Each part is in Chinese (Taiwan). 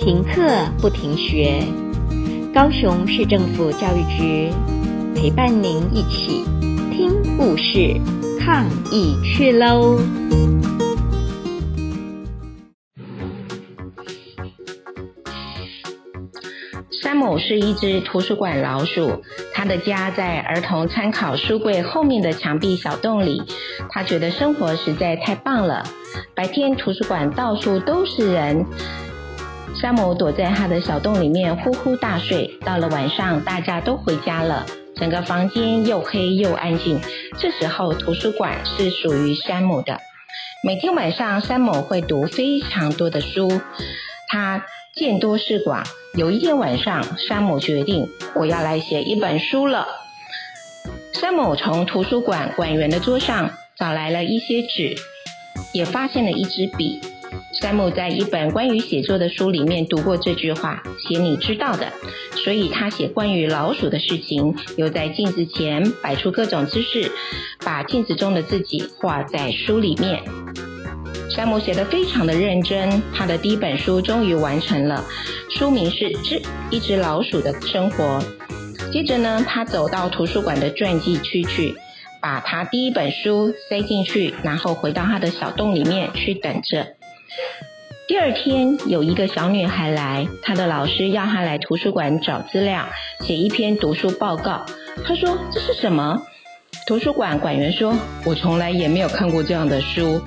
停課不停學，高雄市政府教育局陪伴您一起聽故事、抗疫趣嘍。山姆是一隻圖書館老鼠，他的家在兒童參考書櫃後面的牆壁小洞裡。他覺得生活實在太棒了，白天圖書館到處都是人。山姆躲在他的小洞裡面呼呼大睡。到了晚上，大家都回家了，整個房間又黑又安靜。這時候，圖書館是屬於山姆的。每天晚上，山姆會讀非常多的書，他見多識廣。有一天晚上，山姆決定：“我要來寫一本書了。”山姆從圖書館館員的桌上找來了一些紙，也發現了一支筆。山姆在一本關於寫作的書裡面讀過這句話：“寫你知道的。”所以，他寫關於老鼠的事情，又在鏡子前擺出各種姿勢，把鏡子中的自己畫在書裡面。山姆寫得非常的認真，他的第一本書終於完成了，書名是《只一只老鼠的生活》。接着呢，他走到圖書館的傳記區去，把他第一本書塞進去，然後回到他的小洞裡面去等着。第二天，有一個小女孩來，她的老師要她來圖書館找資料，寫一篇讀書報告。她說：“這是什麼？”圖書館館員說：“我從來也沒有看過這樣的書。”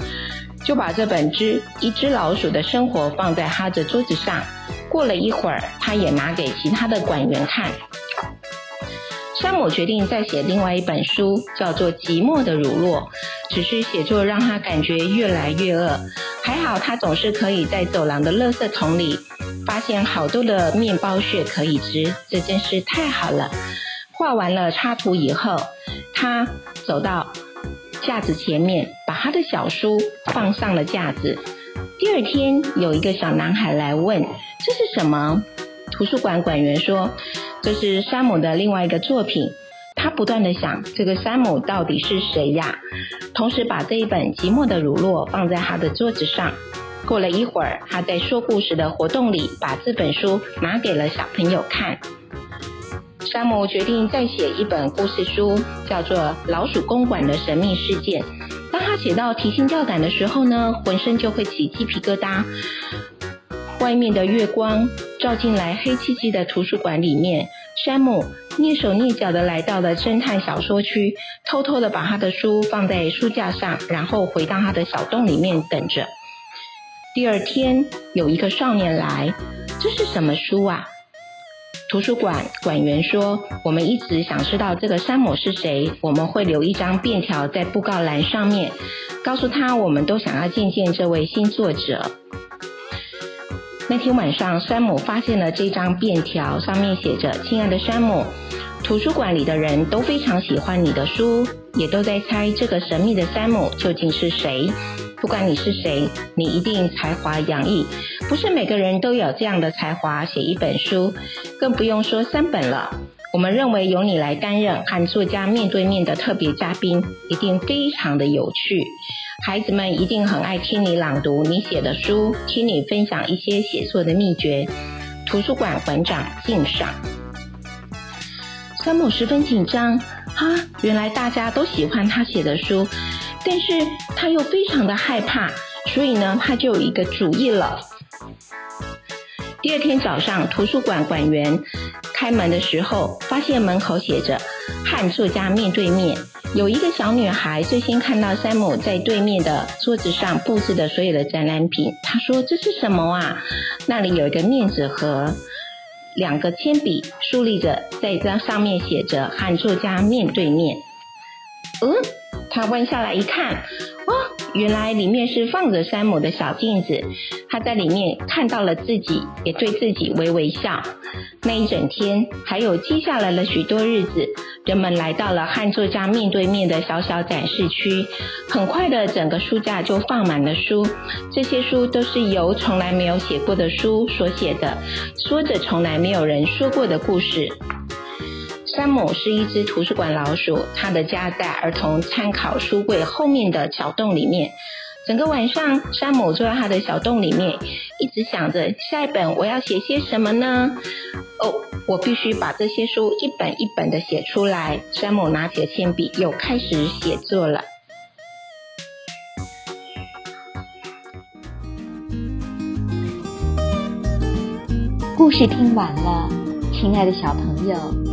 就把這本只《只一只老鼠的生活》放在她的桌子上。過了一會兒，她也拿給其他的館員看。山姆決定再寫另外一本書，叫做《寂寞的乳酪》，只是寫作讓他感覺越來越餓。還好，他總是可以在走廊的垃圾桶裡發現好多的麵包屑可以吃，這真是太好了。畫完了插圖以後，他走到架子前面，把他的小書放上了架子。第二天，有一個小男孩來問：“這是什麼？”圖書館館員說：“這是山姆的另外一個作品。”他不斷地想，這個山姆到底是誰呀？同時把這一本寂寞的乳酪放在他的桌子上。過了一會兒，他在說故事的活動裡把這本書拿給了小朋友看。山姆決定再寫一本故事書，叫做《老鼠公館的神秘事件》。當他寫到提心吊膽的時候呢，渾身就會起雞皮疙瘩。外面的月光。照進來，黑漆漆的圖書館裡面，山姆躡手躡腳地來到了偵探小說區，偷偷地把他的書放在書架上，然後回到他的小洞裡面等着。第二天，有一個少年來，這是什麼書啊？圖書館館員說：“我們一直想知道這個山姆是誰，我們會留一張便條在布告欄上面，告訴他，我們都想要見見這位新作者。”那天晚上，山姆發現了這張便條，上面寫着：“親愛的山姆，圖書館裡的人都非常喜歡你的書，也都在猜這個神秘的山姆究竟是誰。不管你是誰，你一定才華洋溢。不是每個人都有這樣的才華，寫一本書，更不用說三本了。”我們認為由你來擔任和作家面對面的特別嘉賓，一定非常的有趣。孩子們一定很愛聽你朗讀你寫的書，聽你分享一些寫作的秘訣。圖書館館長敬上。山姆十分緊張啊，原來大家都喜歡他寫的書，但是他又非常的害怕，所以呢，他就有一個主意了。第二天早上，圖書館館員。開門的時候，發現門口寫着“和作家面對面”。有一個小女孩最先看到山姆在對面的桌子上布置的所有的展覽品。她說：“這是什麼啊？那裡有一個面紙盒，兩個鉛筆豎立着，在這上面寫着‘和作家面對面’。”嗯，她彎下來一看，哦。原來裡面是放着山姆的小鏡子，他在裡面看到了自己，也對自己微微笑。那一整天，還有接下來的許多日子，人們來到了和作家面對面的小小展示區。很快的，整個書架就放滿了書，這些書都是由從來沒有寫過的書所寫的，說着從來沒有人說過的故事。山姆是一隻圖書館老鼠，他的家在兒童參考書櫃後面的小洞裡面。整個晚上，山姆坐在他的小洞裡面，一直想着下一本我要寫些什麼呢？哦，我必須把這些書一本一本的寫出來。山姆拿起了鉛筆，又開始寫作了。故事聽完了，親愛的小朋友。